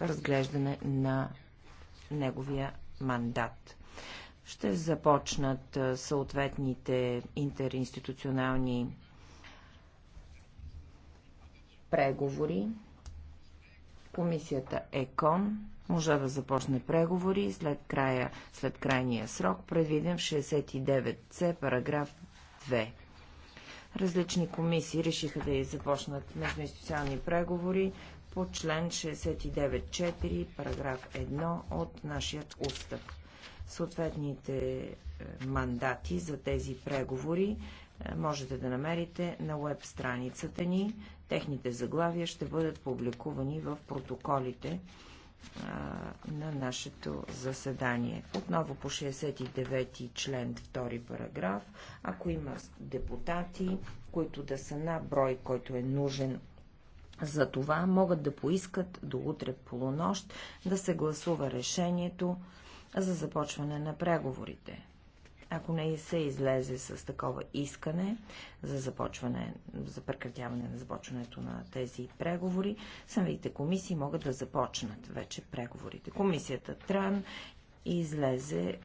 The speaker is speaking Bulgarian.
разглеждане на неговия мандат. Ще започнат съответните интеринституционални преговори. Комисията ЕКОН може да започне преговори след, края, след крайния срок, предвиден в 69C, параграф 2. Различни комисии решиха да започнат междуинституционални преговори по член 69.4, параграф 1 от нашият устав. Съответните е, мандати за тези преговори е, можете да намерите на веб страницата ни. Техните заглавия ще бъдат публикувани в протоколите е, на нашето заседание. Отново по 69 член 2 параграф, ако има депутати, които да са на брой, който е нужен за това могат да поискат до утре полунощ да се гласува решението за започване на преговорите. Ако не се излезе с такова искане за започване, за прекратяване на започването на тези преговори, самите комисии могат да започнат вече преговорите. Комисията Тран излезе